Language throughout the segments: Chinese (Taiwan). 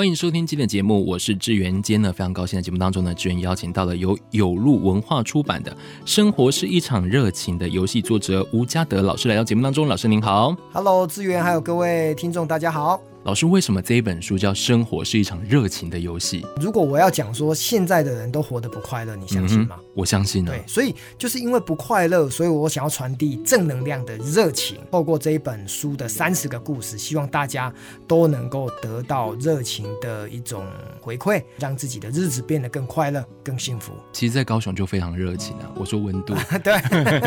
歡迎收聽今天的節目，我是志源。今天呢，非常高興在節目當中呢，志源邀請到了由有路文化出版的《生活是一場熱情的遊戲》作者吳家德老師來到節目當中。老師您好，Hello，志源，還有各位聽眾，大家好。老師，為什麼這一本書叫《生活是一場熱情的遊戲》？如果我要講說現在的人都活得不快樂，你相信嗎？嗯，我相信呢。對，所以就是因為不快樂，所以我想要傳遞正能量的熱情，透過這一本書的三十個故事，希望大家都能夠得到熱情的一種回饋，讓自己的日子變得更快樂、更幸福。其實，在高雄就非常熱情啊。我說溫度。啊，對，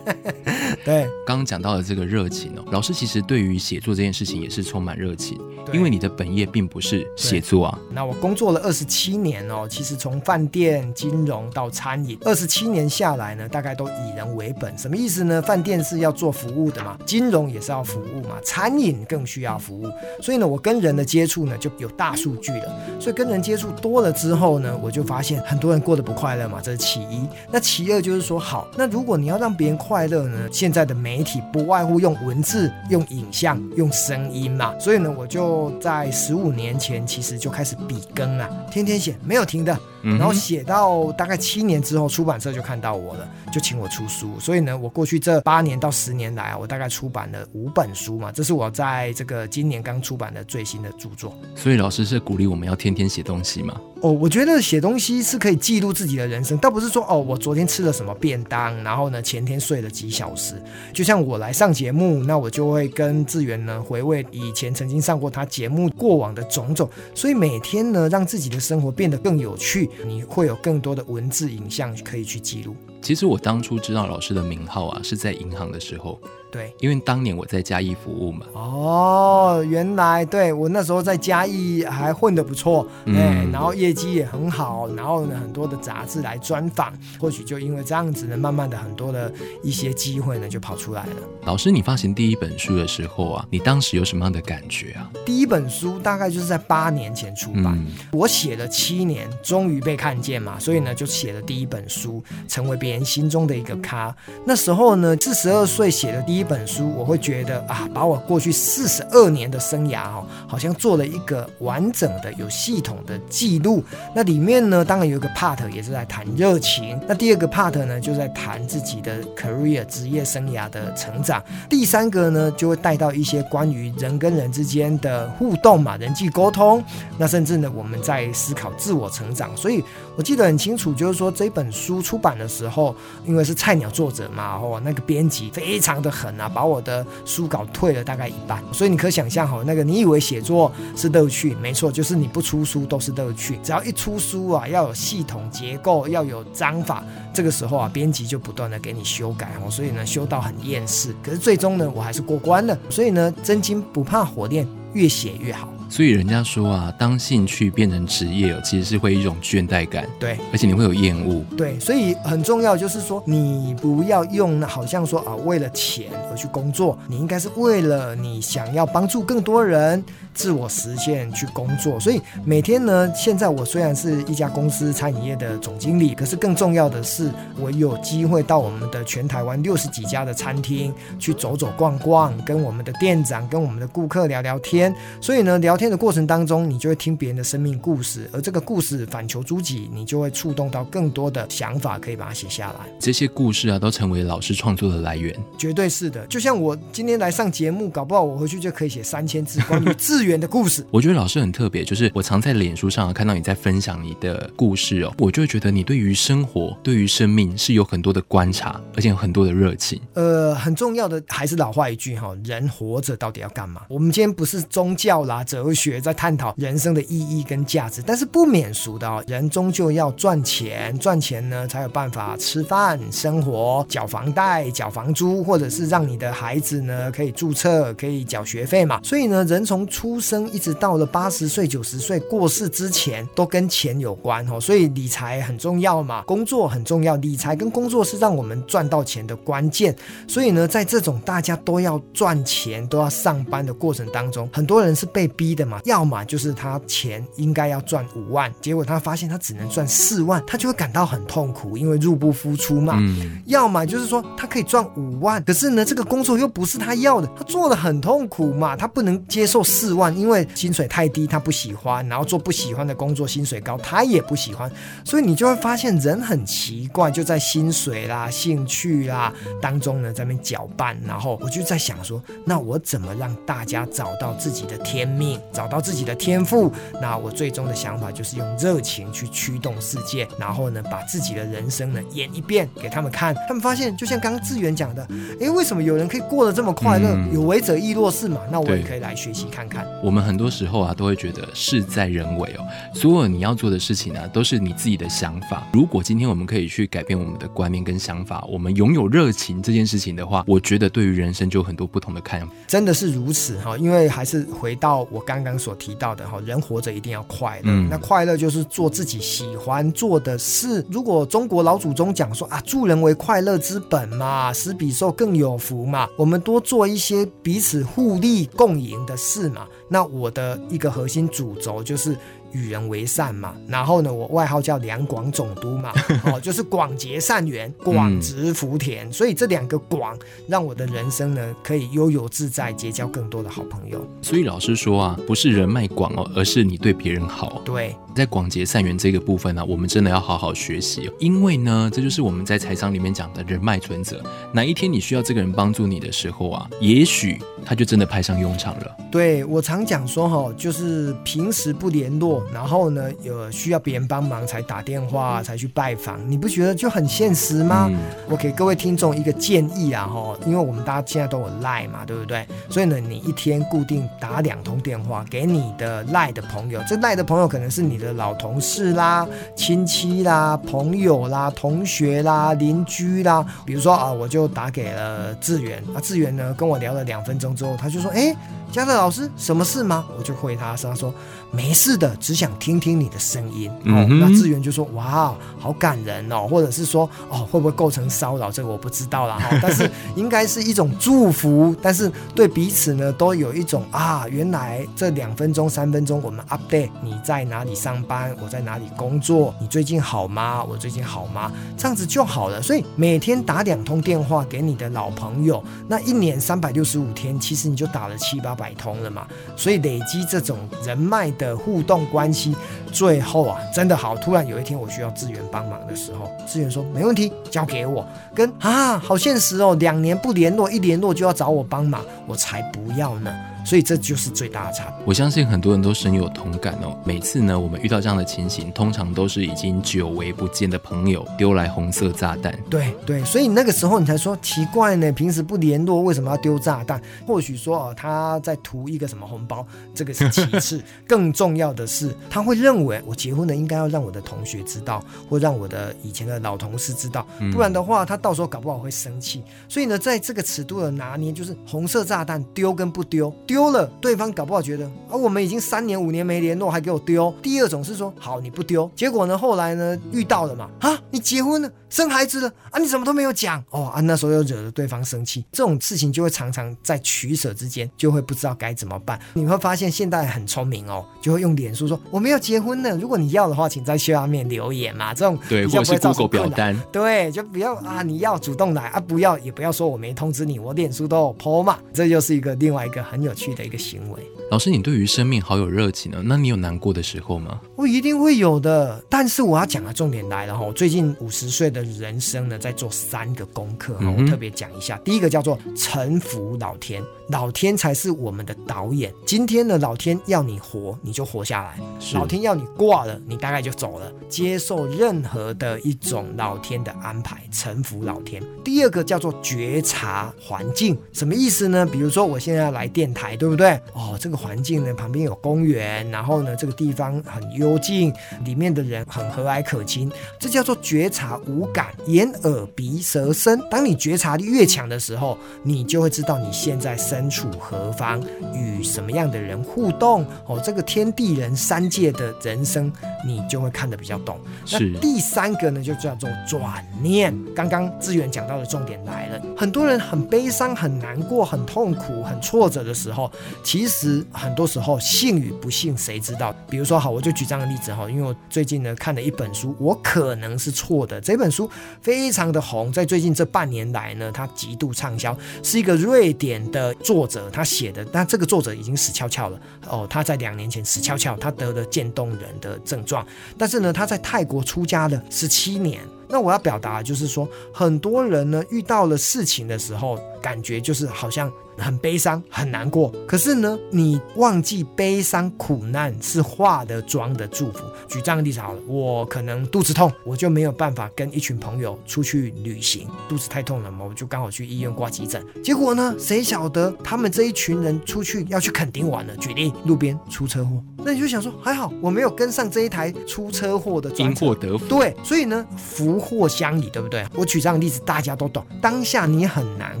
對。剛剛講到了這個熱情哦、喔，老師其實對於寫作這件事情也是充滿熱情。對。因為你的本業並不是寫作啊。那我工作了二十七年哦，其實從飯店、金融到餐飲，二十七年下來呢，大概都以人為本。什麼意思呢？飯店是要做服務的嘛，金融也是要服務嘛，餐飲更需要服務。所以呢，我跟人的接觸呢，就有大數據了。所以跟人接觸多了之後呢，我就發現很多人過得不快樂嘛，這是其一。那其二就是說，好，那如果你要讓別人快樂呢，現在的媒體不外乎用文字、用影像、用聲音嘛。所以呢，我就。在十五年前，其實就開始筆耕啊，天天寫，沒有停的，嗯、然後寫到大概七年之後，出版社就看到我了，就請我出書。所以呢，我過去這八年到十年來啊，我大概出版了五本書嘛。這是我在這個今年剛出版的最新的著作。所以老師是鼓勵我們要天天寫東西嗎？哦，我覺得寫東西是可以記錄自己的人生，倒不是說哦，我昨天吃了什麼便當，然後呢，前天睡了幾小時。就像我來上節目，那我就會跟志源呢回味以前曾經上過他節目過往的種種，所以每天呢，讓自己的生活變得更有趣，你會有更多的文字、影像可以去記錄。其實我當初知道老師的名號啊，是在銀行的時候。對，因為當年我在嘉義服務嘛。哦，原來對，我那時候在嘉義還混得不錯，嗯，哎，然後業績也很好，然後呢，很多的雜誌來專訪，或許就因為這樣子呢，慢慢的很多的一些機會呢就跑出來了。老師，你發行第一本書的時候啊，你當時有什麼樣的感覺啊？第一本書大概就是在八年前出版，嗯，我寫了七年，終於被看見嘛，所以呢就寫了第一本書，成為。心中的一個卡。那時候呢，四十二歲寫的第一本書，我會覺得啊，把我過去四十二年的生涯哦，好像做了一個完整的、有系統的記錄。那裡面呢，當然有一個 part 也是在談熱情，那第二個 part 呢，就在談自己的 career 職業生涯的成長。第三個呢，就會帶到一些關於人跟人之間的互動嘛，人際溝通。那甚至呢，我們在思考自我成長。所以我記得很清楚，就是說這本書出版的時候。後，因為是菜鳥作者嘛，哦，那個編輯非常的狠啊，把我的書稿退了大概一半，所以你可想象哈，那個你以為寫作是樂趣，沒錯，就是你不出書都是樂趣，只要一出書啊，要有系統結構，要有章法，這個時候啊，編輯就不斷的給你修改哦，所以呢，修到很厭世，可是最終呢，我還是過關了，所以呢，真金不怕火煉，越寫越好。所以人家說啊，當興趣變成職業，其實是會一種倦怠感，對，而且你會有厭惡，對，所以很重要就是說，你不要用那好像說啊，為了錢而去工作，你應該是為了你想要幫助更多人。自我實現去工作，所以每天呢，現在我雖然是一家公司餐飲業的總經理，可是更重要的是，我有機會到我們的全台灣六十幾家的餐廳去走走逛逛，跟我們的店長、跟我們的顧客聊聊天。所以呢，聊天的過程當中，你就會聽別人的生命故事，而這個故事反求諸己，你就會觸動到更多的想法，可以把它寫下來。這些故事啊，都成為老師創作的來源。絕對是的，就像我今天來上節目，搞不好我回去就可以寫三千字關於自。的故事，我覺得老師很特別，就是我常在臉書上看到你在分享你的故事哦，我就覺得你對於生活、對於生命是有很多的觀察，而且有很多的熱情。呃，很重要的還是老話一句哈，人活着到底要幹嘛？我們今天不是宗教啦、哲學在探討人生的意義跟價值，但是不免俗的，人終究要賺錢，賺錢呢才有辦法吃飯、生活、繳房貸、繳房租，或者是讓你的孩子呢可以註冊、可以繳學費嘛。所以呢，人從出出生一直到了八十歲、九十歲過世之前，都跟錢有關哦，所以理財很重要嘛，工作很重要。理財跟工作是讓我們賺到錢的關鍵。所以呢，在這種大家都要賺錢、都要上班的過程當中，很多人是被逼的嘛。要麼就是他錢應該要賺五萬，結果他發現他只能賺四萬，他就會感到很痛苦，因為入不敷出嘛。嗯。要麼就是說他可以賺五萬，可是呢，這個工作又不是他要的，他做得很痛苦嘛，他不能接受四萬。因為薪水太低，他不喜歡；然後做不喜歡的工作，薪水高，他也不喜歡。所以你就會發現人很奇怪，就在薪水啦、興趣啦當中呢，在那邊攪拌。然後我就在想說，那我怎麼讓大家找到自己的天命，找到自己的天賦？那我最終的想法就是用熱情去驅動世界，然後呢，把自己的人生呢演一遍給他們看。他們發現，就像剛剛志遠講的，哎，為什麼有人可以過得這麼快樂？嗯、有為者亦若是嘛。那我也可以來學習看看。我們很多時候啊，都會覺得事在人為哦。所有你要做的事情呢、啊，都是你自己的想法。如果今天我們可以去改變我們的觀念跟想法，我們擁有熱情這件事情的話，我覺得對於人生就有很多不同的看法。真的是如此哈，因為還是回到我剛剛所提到的哈，人活着一定要快樂、嗯。那快樂就是做自己喜歡做的事。如果中國老祖宗講說啊，助人為快樂之本嘛，施比受更有福嘛，我們多做一些彼此互利共贏的事嘛。那我的一個核心主軸就是。與人為善嘛，然後呢，我外號叫兩廣總督嘛， 哦，就是廣結善緣，廣植福田，嗯，所以這兩個廣，讓我的人生呢可以悠遊自在，結交更多的好朋友。所以老實說啊，不是人脈廣哦，而是你對別人好。對，在廣結善緣這個部分呢，啊，我們真的要好好學習，因為呢，這就是我們在財商裡面講的人脈存折。哪一天你需要這個人幫助你的時候啊，也許他就真的派上用場了。對，我常講說哈，哦，就是平時不聯絡。然後呢，有需要別人幫忙才打電話，才去拜訪，你不覺得就很現實嗎？嗯、我給各位聽眾一個建議啊，哈，因為我們大家現在都有賴嘛，對不對？所以呢，你一天固定打兩通電話給你的賴的朋友，這賴的朋友可能是你的老同事啦、親戚啦、朋友啦、同學啦、鄰居啦。比如說啊、哦，我就打給了志源，啊，志源呢跟我聊了兩分鐘之後，他就說：“哎，家德老師，什麼事嗎？”我就回他，說：“他說沒事的。”只想聽聽你的聲音。嗯哦、那資源就說：“哇，好感人哦！”或者是說：“哦，會不會構成騷擾？這個我不知道啦。哦、但是應該是一種祝福。 但是對彼此呢，都有一種啊，原來這兩分鐘、三分鐘，我們 update 你在哪裡上班，我在哪裡工作，你最近好嗎？我最近好嗎？這樣子就好了。所以每天打兩通電話給你的老朋友，那一年三百六十五天，其實你就打了七八百通了嘛。所以累積這種人脈的互動。”關係最後啊，真的好，突然有一天，我需要志遠幫忙的時候，志遠說沒問題，交給我。跟啊，好現實哦，兩年不聯絡，一聯絡就要找我幫忙，我才不要呢。所以這就是最大的差別，我相信很多人都深有同感哦。每次呢，我們遇到這樣的情形，通常都是已經久違不見的朋友丟來紅色炸彈，對。對對，所以那個時候你才說奇怪呢，平時不聯絡，為什麼要丟炸彈？或許說哦，他在圖一個什麼紅包，這個是其次， 更重要的是他會認為我結婚了應該要讓我的同學知道，或讓我的以前的老同事知道，不然的話他到時候搞不好會生氣。嗯。所以呢，在這個尺度的拿捏，就是紅色炸彈丟跟不丟，丟。丟了，對方搞不好覺得啊，我們已經三年五年沒聯絡，還給我丟。第二種是說，好，你不丟，結果呢，後來呢遇到了嘛，啊，你結婚了，生孩子了啊，你怎麼都沒有講哦啊，那時候又惹得對方生氣。這種事情就會常常在取捨之間，就會不知道該怎麼辦。你會發現現代很聰明哦，就會用臉書說，我沒有結婚了，如果你要的話，請在下面留言嘛。這種對，或者是 Google 表單，對，就不要啊，你要主動來啊，不要也不要說我沒通知你，我臉書都有 po 嘛。這就是一個另外一個很有趣。的一個行為，老師，你對於生命好有熱情呢？哦，那你有難過的時候嗎？我一定會有的，但是我要講的重點來了哈！我最近五十歲的人生呢，在做三個功課，嗯、我特別講一下。第一個叫做臣服老天，老天才是我們的導演。今天的老天要你活，你就活下來；老天要你掛了，你大概就走了，接受任何的一種老天的安排，臣服老天。第二個叫做覺察環境，什麼意思呢？比如說我現在要來電台。對不對？哦，這個環境呢，旁邊有公園，然後呢，這個地方很幽靜，裡面的人很和藹可親，這叫做覺察五感，眼、耳、鼻、舌、身。當你覺察力越強的時候，你就會知道你現在身處何方，與什麼樣的人互動。哦，這個天地人三界的人生，你就會看得比較懂是。那第三個呢，就叫做轉念。剛剛資源講到的重點來了，很多人很悲傷、很難過、很痛苦、很挫折的時候。其實很多時候，信與不信，誰知道？比如說，好，我就舉這樣的例子哈，因為我最近呢看了一本書，我可能是錯的。這本書非常的紅，在最近這半年來呢，它極度暢銷，是一個瑞典的作者他寫的。但這個作者已經死翹翹了哦，他在兩年前死翹翹，他得了漸凍人的症狀，但是呢，他在泰國出家了十七年。那我要表達就是說，很多人呢遇到了事情的時候，感覺就是好像很悲傷、很難過。可是呢，你忘記悲傷、苦難是化了妝的祝福。舉這樣一個例子好了，我可能肚子痛，我就沒有辦法跟一群朋友出去旅行，肚子太痛了嘛，我就剛好去醫院掛急診。結果呢，誰曉得他們這一群人出去要去墾丁玩了？舉例路邊出車禍，那你就想說還好我沒有跟上這一台出車禍的，因禍得福。對，所以呢，福。禍相依，對不對？我舉這樣的例子，大家都懂。當下你很難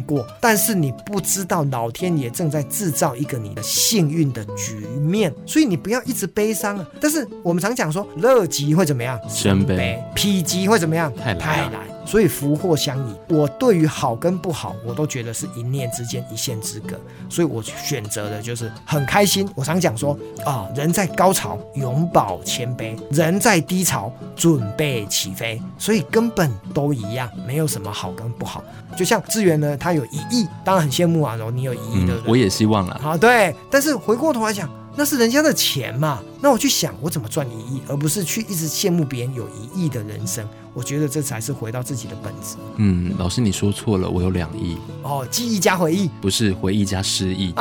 過，但是你不知道老天爺正在制造一個你的幸運的局面，所以你不要一直悲傷啊。但是我們常講說，樂極會怎麼樣？生悲；否極會怎麼樣？泰來。泰來所以福禍相依，我對於好跟不好，我都覺得是一念之間、一線之隔。所以我選擇的就是很開心。我常講說啊、哦，人在高潮永葆謙卑，人在低潮準備起飛。所以根本都一樣，沒有什麼好跟不好。就像資源呢，他有一億，當然很羨慕啊。然後你有一億，的、嗯，我也希望啦、啊。好、啊，對。但是回過頭來講。那是人家的錢嘛。那我去想，我怎麼賺一億，而不是去一直羨慕別人有一億的人生。我覺得這才是回到自己的本質。嗯，老師你說錯了，我有兩億。哦，記憶加回憶，不是回憶加失憶。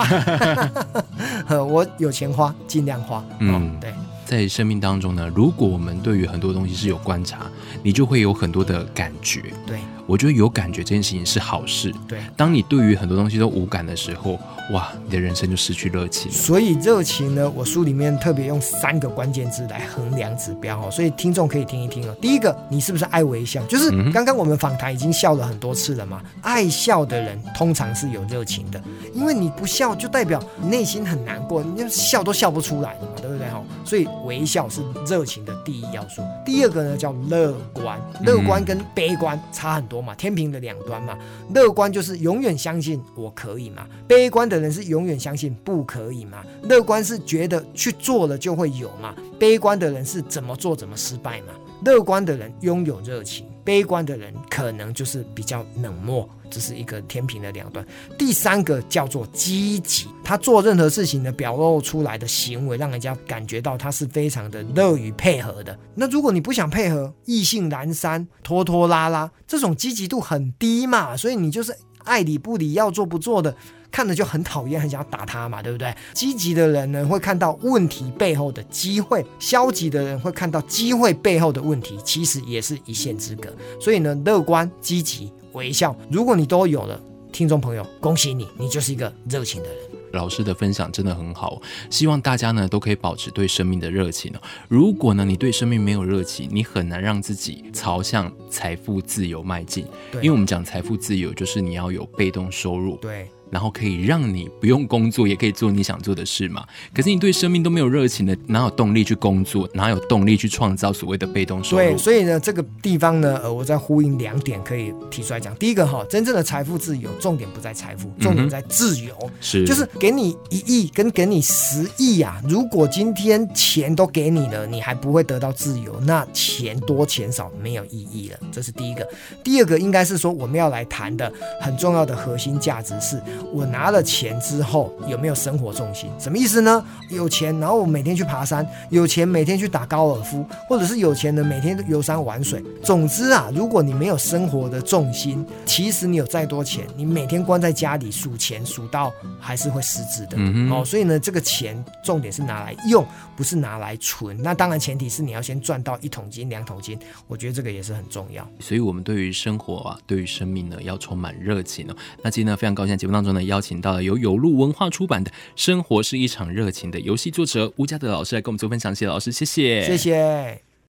啊、 我有錢花，盡量花。嗯、哦，對，在生命當中呢，如果我們對於很多東西是有觀察，你就會有很多的感覺。對。我覺得有感覺這件事情是好事。對，當你對於很多東西都無感的時候，哇，你的人生就失去熱情。所以熱情呢，我書裡面特別用三個關鍵字來衡量指標哦，所以聽眾可以聽一聽哦。第一個，你是不是愛微笑？就是剛剛我們訪談已經笑了很多次了嘛，嗯、愛笑的人通常是有熱情的，因為你不笑就代表內心很難過，你要笑都笑不出來嘛，對不對、哦？哈，所以微笑是熱情的第一要素。第二個呢，叫樂觀，樂觀跟悲觀差很多。嘛，天平的兩端嘛，樂觀就是永遠相信我可以嘛，悲觀的人是永遠相信不可以嘛，樂觀是覺得去做了就會有嘛，悲觀的人是怎麼做怎麼失敗嘛，樂觀的人擁有熱情。悲觀的人可能就是比較冷漠，這是一個天平的兩端。第三個叫做積極，他做任何事情的表露出來的行為，讓人家感覺到他是非常的樂於配合的。嗯。那如果你不想配合，意興闌珊，拖拖拉拉，這種積極度很低嘛，所以你就是愛理不理，要做不做的。看着就很討厭，很想要打他嘛，對不對？積極的人呢會看到問題背後的機會，消極的人會看到機會背後的問題，其實也是一線之隔。所以呢，樂觀、積極、微笑，如果你都有了，聽眾朋友，恭喜你，你就是一個熱情的人。老師的分享真的很好，希望大家呢都可以保持對生命的熱情哦。如果呢你對生命沒有熱情，你很難讓自己朝向財富自由邁進。對，因為我們講財富自由，就是你要有被動收入。對。然後可以讓你不用工作，也可以做你想做的事嘛。可是你對生命都沒有熱情的，哪有動力去工作？哪有動力去創造所謂的被動收入？對，所以呢，這個地方呢，呃，我在呼應兩點，可以提出來講。第一個哈、哦，真正的財富自由，重點不在財富，重點在自由、嗯。是，就是給你一億跟給你十億啊，如果今天錢都給你了，你還不會得到自由，那錢多錢少沒有意義了。這是第一個。第二個應該是說我們要來談的很重要的核心價值是。我拿了錢之後有沒有生活重心？什麼意思呢？有錢，然後我每天去爬山；有錢，每天去打高爾夫；或者是有錢的，每天都遊山玩水。總之啊，如果你沒有生活的重心，其實你有再多錢，你每天關在家裡數錢數到還是會失智的、嗯、哦。所以呢，這個錢重點是拿來用，不是拿來存。那當然，前提是你要先賺到一桶金、兩桶金。我覺得這個也是很重要。所以我們對於生活啊，對於生命呢，要充滿熱情哦。那今天呢，非常高興節目當中中呢，邀請到了由有路文化出版的《生活是一場熱情的遊戲》作者吳家德老師來跟我們做分享。謝謝老師，謝謝，謝謝。